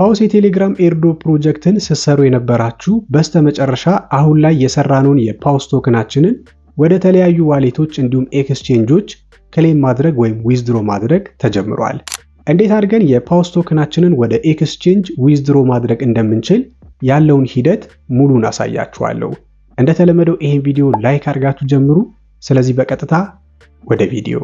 ፓውስ የቴሌግራም ኤርዶ ፕሮጀክትን ስትሰሩ የነበራችሁ በስተመጨረሻ አሁን ላይ የሰራነውን የፓውስ ቶክናችንን ወደ ተለያዩ ዋሌቶች እንዲሁም ኤክስቼንጆች ክሌም ማድረግ ወይም ዊዝድሮ ማድረግ ተጀምሯል። እንዴት አድርገን የፓውስ ቶክናችንን ወደ ኤክስቼንጅ ዊዝድሮ ማድረግ እንደምንችል ያለውን ሂደት ሙሉን አሳያችኋለሁ። እንደተለመደው ይህን ቪዲዮ ላይክ አድርጋችሁ ጀምሩ። ስለዚህ በቀጥታ ወደ ቪዲዮ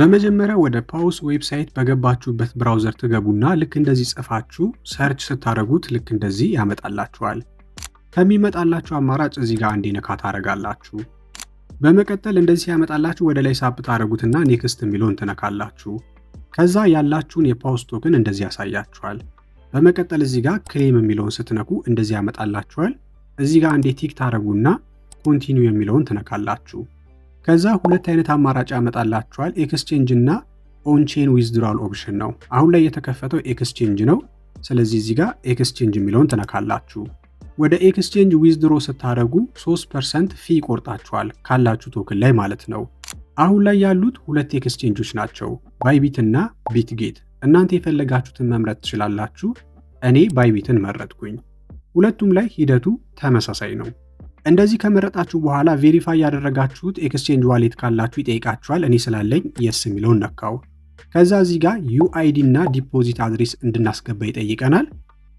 በመጀመሪያ ወደ ፓውስ ዌብሳይት በገባችሁበት ብራውዘር ትገቡና ልክ እንደዚህ ጽፋችሁ ሰርች ስታደረጉት ልክ እንደዚህ ያመጣላችኋል። ከሚመጣላችሁ አማራጭ እዚህ ጋር አንዴ ነካ ታደረጋላችሁ። በመቀጠል እንደዚህ ያመጣላችሁ ወደ ላይ ሳብ ታደረጉትና ኔክስት የሚለውን ትነካላችሁ። ከዛ ያላችሁን የፓውስ ቶክን እንደዚህ ያሳያችኋል። በመቀጠል እዚህ ጋር ክሌም የሚለውን ስትነኩ እንደዚህ ያመጣላችኋል። እዚህ ጋር አንዴ ቲክ ታደረጉና ኮንቲኒው የሚለውን ትነካላችሁ። ከዛ ሁለት አይነት አማራጭ ያመጣላችኋል። ኤክስቼንጅ እና ኦንቼን ዊዝድራል ኦፕሽን ነው። አሁን ላይ የተከፈተው ኤክስቼንጅ ነው። ስለዚህ እዚህ ጋር ኤክስቼንጅ የሚለውን ትነካላችሁ። ወደ ኤክስቼንጅ ዊዝድሮ ስታደረጉ 3 ፐርሰንት ፊ ይቆርጣችኋል ካላችሁ ቶክን ላይ ማለት ነው። አሁን ላይ ያሉት ሁለት ኤክስቼንጆች ናቸው፣ ባይቢት እና ቢትጌት። እናንተ የፈለጋችሁትን መምረጥ ትችላላችሁ። እኔ ባይቢትን መረጥኩኝ። ሁለቱም ላይ ሂደቱ ተመሳሳይ ነው። እንደዚህ ከመረጣችሁ በኋላ ቬሪፋይ ያደረጋችሁት ኤክስቼንጅ ዋሌት ካላችሁ ይጠይቃችኋል። እኔ ስላለኝ የስ የሚለውን ነካው። ከዛ እዚህ ጋር ዩአይዲ እና ዲፖዚት አድሬስ እንድናስገባ ይጠይቀናል።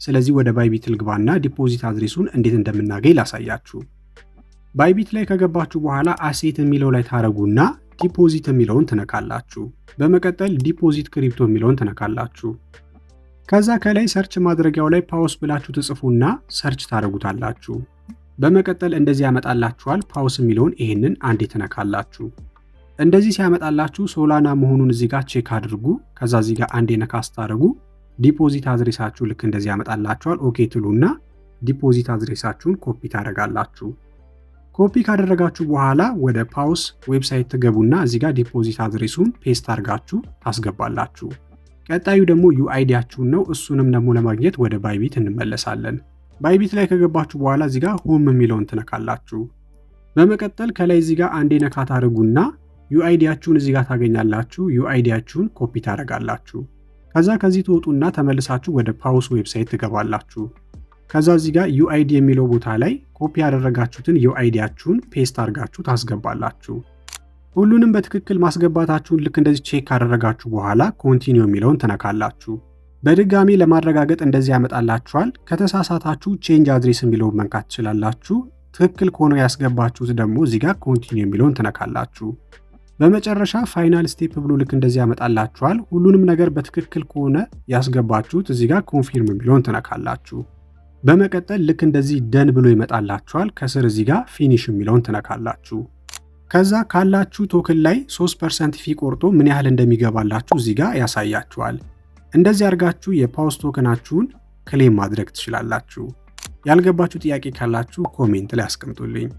ስለዚህ ወደ ባይቢት ልግባና ዲፖዚት አድሬሱን እንዴት እንደምናገኝ ላሳያችሁ። ባይቢት ላይ ከገባችሁ በኋላ አሴት የሚለው ላይ ታረጉና ዲፖዚት የሚለውን ትነካላችሁ። በመቀጠል ዲፖዚት ክሪፕቶ የሚለውን ትነካላችሁ። ከዛ ከላይ ሰርች ማድረጊያው ላይ ፓውስ ብላችሁ ትጽፉና ሰርች ታደረጉታላችሁ። በመቀጠል እንደዚህ ያመጣላችኋል ፓውስ የሚለውን ይህንን አንዴ ትነካላችሁ። እንደዚህ ሲያመጣላችሁ ሶላና መሆኑን እዚህ ጋር ቼክ አድርጉ። ከዛ እዚህ ጋር አንዴ ነካ ስታደርጉ ዲፖዚት አድሬሳችሁ ልክ እንደዚህ ያመጣላችኋል። ኦኬ ትሉና ዲፖዚት አድሬሳችሁን ኮፒ ታደርጋላችሁ። ኮፒ ካደረጋችሁ በኋላ ወደ ፓውስ ዌብሳይት ትገቡና እዚህ ጋር ዲፖዚት አድሬሱን ፔስት አድርጋችሁ ታስገባላችሁ። ቀጣዩ ደግሞ ዩአይዲያችሁን ነው። እሱንም ደግሞ ለማግኘት ወደ ባይቢት እንመለሳለን። ባይቢት ላይ ከገባችሁ በኋላ እዚህ ጋር ሆም የሚለውን ትነካላችሁ። በመቀጠል ከላይ እዚህ ጋር አንዴ ነካ ታደርጉና ዩአይዲያችሁን እዚህ ጋር ታገኛላችሁ። ዩአይዲያችሁን ኮፒ ታደርጋላችሁ። ከዛ ከዚህ ትወጡና ተመልሳችሁ ወደ ፓውስ ዌብሳይት ትገባላችሁ። ከዛ እዚህ ጋር ዩአይዲ የሚለው ቦታ ላይ ኮፒ ያደረጋችሁትን ዩአይዲያችሁን ፔስት አድርጋችሁ ታስገባላችሁ። ሁሉንም በትክክል ማስገባታችሁን ልክ እንደዚህ ቼክ ካደረጋችሁ በኋላ ኮንቲኒው የሚለውን ትነካላችሁ። በድጋሚ ለማረጋገጥ እንደዚህ ያመጣላችኋል። ከተሳሳታችሁ ቼንጅ አድሬስ የሚለውን መንካት ትችላላችሁ። ትክክል ከሆነ ያስገባችሁት ደግሞ እዚህ ጋር ኮንቲኒው የሚለውን ትነካላችሁ። በመጨረሻ ፋይናል ስቴፕ ብሎ ልክ እንደዚህ ያመጣላችኋል። ሁሉንም ነገር በትክክል ከሆነ ያስገባችሁት እዚህ ጋር ኮንፊርም የሚለውን ትነካላችሁ። በመቀጠል ልክ እንደዚህ ደን ብሎ ይመጣላችኋል። ከስር እዚህ ጋር ፊኒሽ የሚለውን ትነካላችሁ። ከዛ ካላችሁ ቶክን ላይ 3 ፐርሰንት ፊ ቆርጦ ምን ያህል እንደሚገባላችሁ እዚህ ጋር ያሳያችኋል። እንደዚህ አድርጋችሁ የፓውስ ቶከናችሁን ክሌም ማድረግ ትችላላችሁ። ያልገባችሁ ጥያቄ ካላችሁ ኮሜንት ላይ አስቀምጡልኝ።